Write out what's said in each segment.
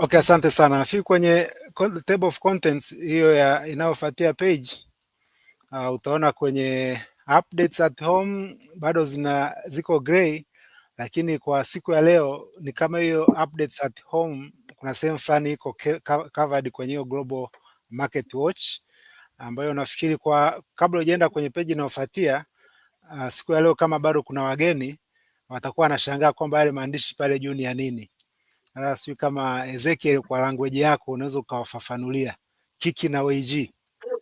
Okay, asante sana. Nafikiri kwenye table of contents hiyo ya inayofuatia page uh, utaona kwenye updates at home bado zina ziko gray, lakini kwa siku ya leo ni kama hiyo updates at home kuna sehemu fulani iko covered kwenye hiyo Global Market Watch ambayo nafikiri kwa kabla ujaenda kwenye page inayofuatia uh, siku ya leo kama bado kuna wageni watakuwa wanashangaa kwamba yale maandishi pale juu ni ya nini uh, sio kama Ezekiel, kwa language yako unaweza ukawafafanulia kiki na WG. Uh,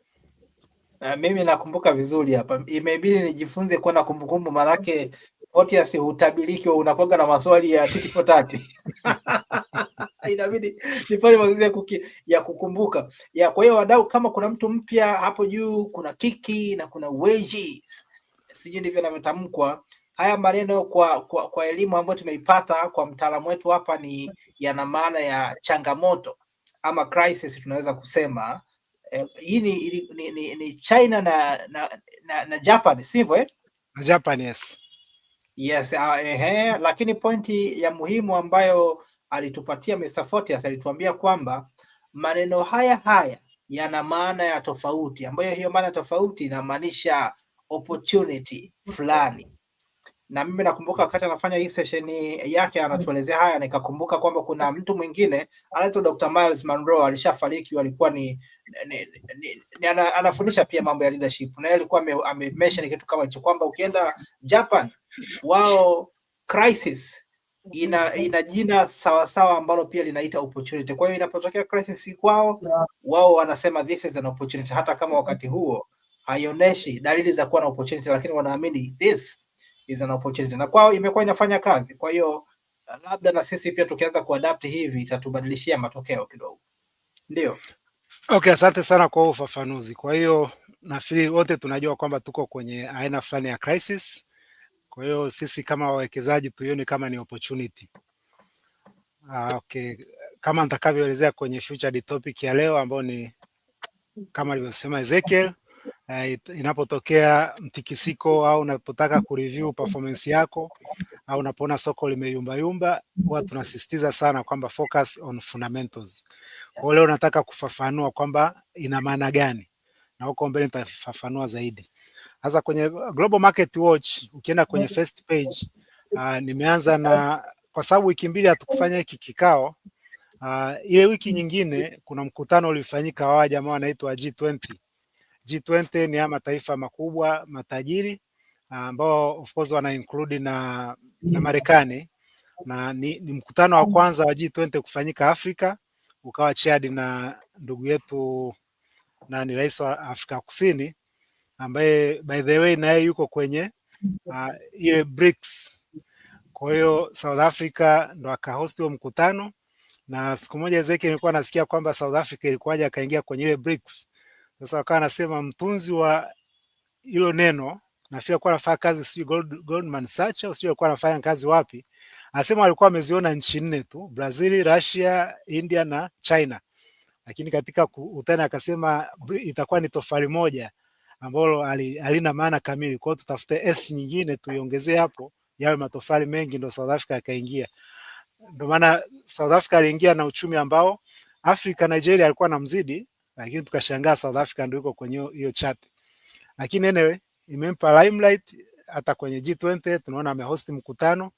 eh, mimi nakumbuka vizuri hapa, imebidi nijifunze kuwa na kumbukumbu, maanake Photius hutabiriki, unakwaga na maswali ya titi potati inabidi nifanye mazoezi ya kukumbuka ya. Kwa hiyo wadau, kama kuna mtu mpya hapo juu, kuna kiki na kuna weji, sijui ndivyo inavyotamkwa haya maneno kwa, kwa, kwa elimu ambayo tumeipata kwa mtaalamu wetu hapa ni yana maana ya changamoto ama crisis tunaweza kusema eh, hii ni, ni, ni, ni China na, na, na, na Japan sivyo eh? Japan, yes. Yes, uh, eh, lakini pointi ya muhimu ambayo alitupatia Mr. Fortius alituambia kwamba maneno haya haya yana maana ya tofauti, ambayo hiyo maana tofauti inamaanisha opportunity fulani na mimi nakumbuka wakati anafanya hii session yake anatuelezea haya, nikakumbuka kwamba kuna mtu mwingine anaitwa Dr. Miles Monroe alishafariki, alikuwa ni, ni, ni, ni ni anafundisha pia mambo ya leadership, na yeye alikuwa amemention kitu kama hicho kwamba ukienda Japan wao crisis ina ina jina sawa sawa ambalo pia linaita opportunity. Kwa hiyo inapotokea crisis kwao, wao wanasema this is an opportunity, hata kama wakati huo haionyeshi dalili za kuwa na opportunity, lakini wanaamini this is an opportunity, na kwao imekuwa inafanya kazi. Kwa hiyo labda na sisi pia tukianza kuadapt hivi itatubadilishia matokeo kidogo, ndio. Okay, asante sana kwa ufafanuzi. Kwa hiyo nafikiri wote tunajua kwamba tuko kwenye aina fulani ya crisis. Kwa hiyo sisi kama wawekezaji tuione kama ni opportunity. Ah, okay. Kama nitakavyoelezea kwenye future topic ya leo ambayo ni kama alivyosema Ezekiel uh, inapotokea mtikisiko au unapotaka kureview performance yako au unapoona soko limeyumbayumba, huwa tunasisitiza sana kwamba focus on fundamentals. Kwa leo nataka kufafanua kwamba ina maana gani, na huko mbele nitafafanua zaidi. Sasa kwenye Global Market Watch ukienda kwenye first page uh, nimeanza na kwa sababu wiki mbili hatukufanya hiki kikao uh, ile wiki nyingine kuna mkutano ulifanyika wa jamaa wanaitwa G20 G20 ni haya mataifa makubwa matajiri ambao of course wana include na, na Marekani na ni, ni mkutano wa mm. kwanza wa G20 kufanyika Afrika ukawa chaired na ndugu yetu na ni rais wa Afrika Kusini ambaye by the way naye yuko kwenye uh, ile BRICS. Kwa hiyo South Africa ndo akahosti huo mkutano, na siku moja Ezekiel nilikuwa nasikia kwamba South Africa ilikuwaje akaingia kwenye ile BRICS sasa wakawa anasema mtunzi wa hilo neno nafikiri alikuwa anafanya kazi si Gold, Goldman Sachs au sio, alikuwa anafanya kazi wapi, anasema walikuwa wameziona nchi nne tu Brazil, Russia, India na China, lakini katika utani akasema itakuwa ni tofali moja ambalo halina maana kamili, kwa hiyo tutafute s nyingine tuiongezee hapo yawe matofali mengi, ndo South Africa akaingia. Ndio maana South Africa aliingia na uchumi ambao Afrika Nigeria alikuwa na mzidi lakini tukashangaa South Africa ndio iko kwenye hiyo chat, lakini anyway imempa limelight hata kwenye G20 tunaona amehost mkutano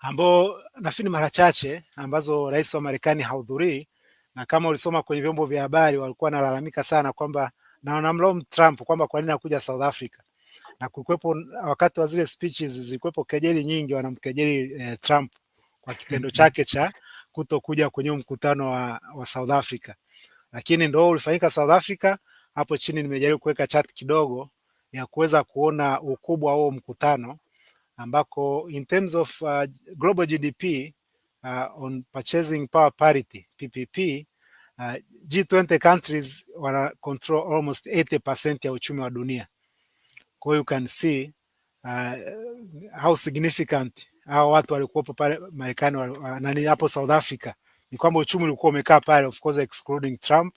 ambao nafikiri mara chache ambazo rais wa Marekani hahudhurii, na kama ulisoma kwenye vyombo vya habari walikuwa wanalalamika sana kwamba na wanamlaumu Trump kwamba kwa nini hakuja South Africa, na kulikuwepo wakati wa zile speeches zilikuwepo kejeli nyingi, wanamkejeli eh, Trump kwa kitendo chake cha kutokuja kwenye mkutano wa, wa South Africa lakini ndo ulifanyika South Africa. Hapo chini nimejaribu kuweka chat kidogo ya kuweza kuona ukubwa wa huo mkutano ambako in terms of uh, global GDP uh, on purchasing power parity PPP uh, G20 countries wana control almost 80% ya uchumi wa dunia. Kwa hiyo you can see uh, how significant hao watu walikuwepo pale Marekani nani hapo South Africa ni kwamba uchumi ulikuwa umekaa pale, of course excluding Trump,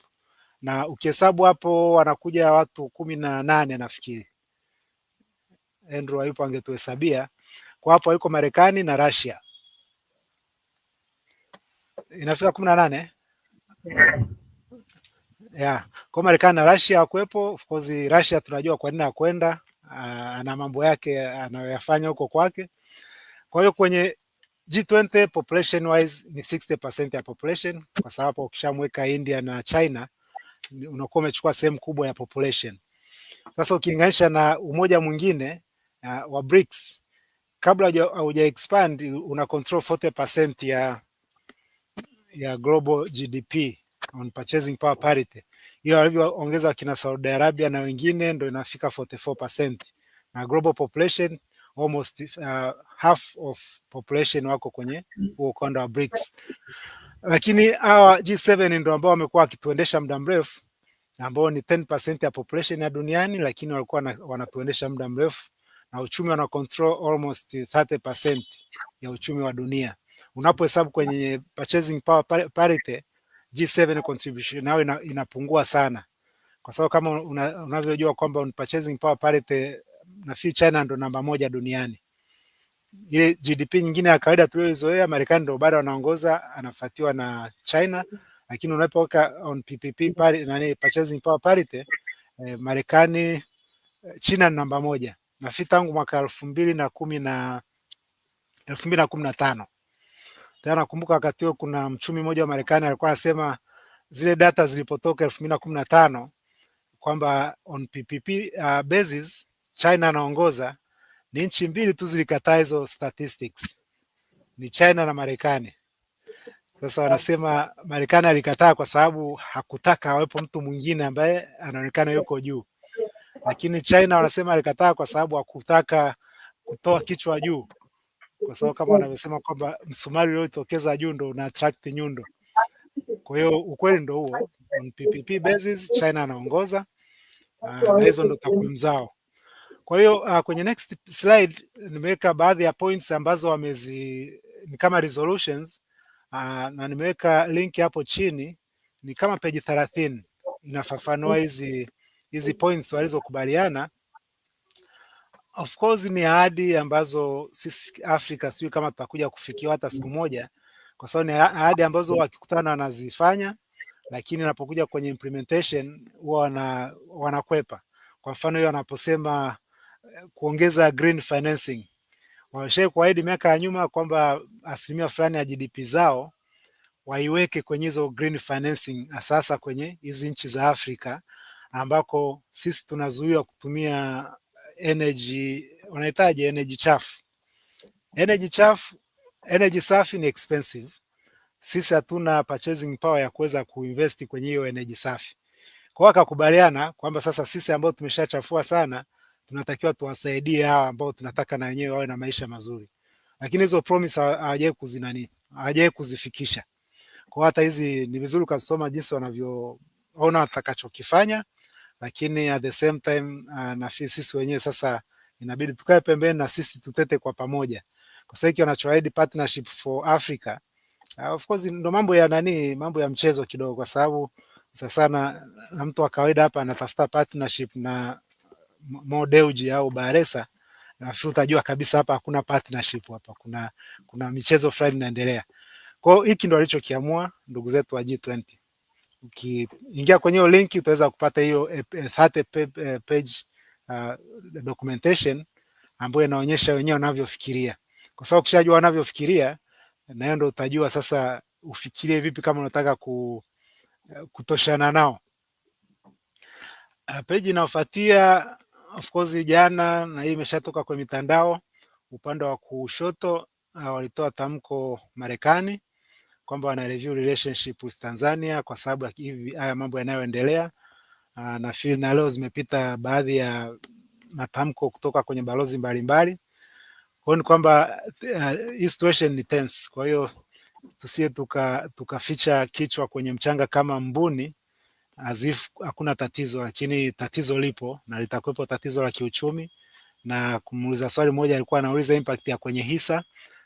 na ukihesabu hapo wanakuja watu kumi na nane nafikiri. Andrew hayupo angetuhesabia kwa hapo, yuko Marekani na Russia, inafika kumi na nane yeah. Kwa Marekani na Russia hakuwepo. Of course Russia tunajua kwa nini hakwenda, ah, ana mambo yake anayoyafanya huko kwake. Kwa hiyo kwenye G20 population wise ni 60% ya population, kwa sababu ukishamweka India na China unakuwa umechukua sehemu kubwa ya population. Sasa ukilinganisha na umoja mwingine uh, wa BRICS kabla hauja expand una control 40% ya ya global GDP on purchasing power parity, ila walivyoongeza wakina Saudi Arabia na wengine ndo inafika 44% na global population almost uh, half of population wako kwenye mm. huo ukanda wa BRICS, lakini hawa G7 ndio ambao wamekuwa wakituendesha muda mrefu, ambao ni 10% ya population ya duniani, lakini walikuwa wanatuendesha muda mrefu na uchumi wana control almost 30% ya uchumi wa dunia. Unapohesabu kwenye purchasing power parity, G7 contribution nayo inapungua sana, kwa sababu kama unavyojua kwamba on purchasing power parity nafikiri China ndo namba moja duniani. Ile GDP nyingine ya kawaida tuliyozoea, Marekani ndo bado wanaongoza, anafuatiwa na China, lakini unapoweka on PPP pari, nani purchasing power parity eh, Marekani eh, China namba moja nafikiri tangu mwaka elfu mbili na kumi na elfu mbili na kumi na tano Nakumbuka wakati huo kuna mchumi mmoja wa Marekani alikuwa anasema zile data zilipotoka elfu mbili na kumi na tano kwamba on PPP uh, ah, basis China anaongoza, ni nchi mbili tu zilikataa hizo statistics, ni China na Marekani. Sasa wanasema Marekani alikataa kwa sababu hakutaka awepo mtu mwingine ambaye anaonekana yuko juu, lakini China wanasema alikataa kwa sababu hakutaka kutoa kichwa juu, kwa sababu kama wanavyosema kwamba msumari uliotokeza juu ndo una attract nyundo. Kwa hiyo ukweli ndo huo, on PPP basis China anaongoza na hizo ndo takwimu zao. Kwa hiyo uh, kwenye next slide nimeweka baadhi ya points ambazo wamezi ni kama resolutions uh, na nimeweka link hapo chini, ni kama page 30 inafafanua mm. hizi hizi points walizokubaliana. Of course ni ahadi ambazo sisi Afrika sijui kama tutakuja kufikiwa hata siku moja, kwa sababu ni ahadi ambazo wakikutana wanazifanya, lakini inapokuja kwenye implementation huwa wana, wanakwepa. Kwa mfano hiyo wanaposema kuongeza green financing. Wameshai kuahidi miaka ya nyuma kwamba asilimia fulani ya GDP zao waiweke kwenye hizo green financing, asasa kwenye hizi nchi za Afrika ambako sisi tunazuiwa kutumia energy, wanahitaji energy chafu. Energy chafu, energy safi ni expensive. Sisi hatuna purchasing power ya kuweza kuinvest kwenye hiyo energy safi. Kwa hiyo wakakubaliana kwamba sasa sisi ambao tumeshachafua sana tunatakiwa tuwasaidie hawa ambao tunataka na wenyewe wawe na maisha mazuri, lakini hizo promise hawajai kuzinani, hawajai kuzifikisha. Kwa hata hizi ni vizuri ukasoma jinsi wanavyoona watakachokifanya, lakini at the same time ah, na sisi wenyewe sasa inabidi tukae pembeni na sisi tutete kwa pamoja, kwa sababu hiki wanachoahidi partnership for Africa uh, of course ndo mambo ya nani, mambo ya mchezo kidogo, kwa sababu sasa na mtu wa kawaida hapa anatafuta partnership na Mo Dewji au Baresa, nafikiri utajua kabisa hapa hakuna partnership, hapa kuna kuna michezo fulani inaendelea. Kwa hiyo hiki ndo alichokiamua ndugu zetu wa G20. Ukiingia kwenye hiyo linki utaweza kupata hiyo 30 eh, eh, page uh, documentation ambayo inaonyesha wenyewe wanavyofikiria, kwa sababu ukishajua wanavyofikiria, na hiyo ndo utajua sasa ufikirie vipi kama unataka ku, eh, kutoshana nao. Uh, Peji inayofuatia of course jana, na hii imeshatoka kwenye mitandao, upande wa kushoto uh, walitoa tamko Marekani kwamba wana review relationship with Tanzania kwa sababu ya hivi haya mambo yanayoendelea. Uh, feel na leo zimepita baadhi ya matamko kutoka kwenye balozi mbalimbali. Kwa hiyo ni kwamba uh, hii situation ni tense, kwa hiyo tusiye tukaficha tuka kichwa kwenye mchanga kama mbuni as if hakuna tatizo, lakini tatizo lipo na litakuwepo, tatizo la kiuchumi. Na kumuuliza swali moja, alikuwa anauliza impact ya kwenye hisa,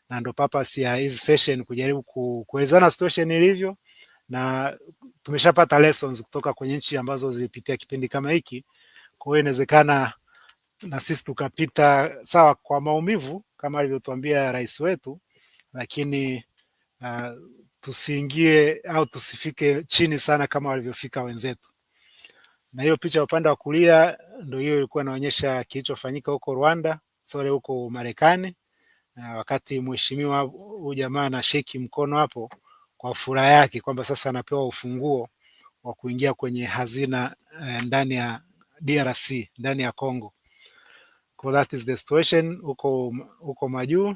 na ndo purpose ya hizi session kujaribu kuelezana situation ilivyo, na tumeshapata lessons kutoka kwenye nchi ambazo zilipitia kipindi kama hiki. Kwa hiyo inawezekana na sisi tukapita sawa, kwa maumivu kama alivyotuambia rais wetu, lakini uh, tusiingie au tusifike chini sana kama walivyofika wenzetu. Na hiyo picha ya upande wa kulia ndio hiyo ilikuwa inaonyesha kilichofanyika huko Rwanda, sore huko Marekani, wakati mheshimiwa huyu jamaa anasheki mkono hapo kwa furaha yake kwamba sasa anapewa ufunguo wa kuingia kwenye hazina eh, ndani ya DRC ndani ya Congo. that is the situation huko huko majuu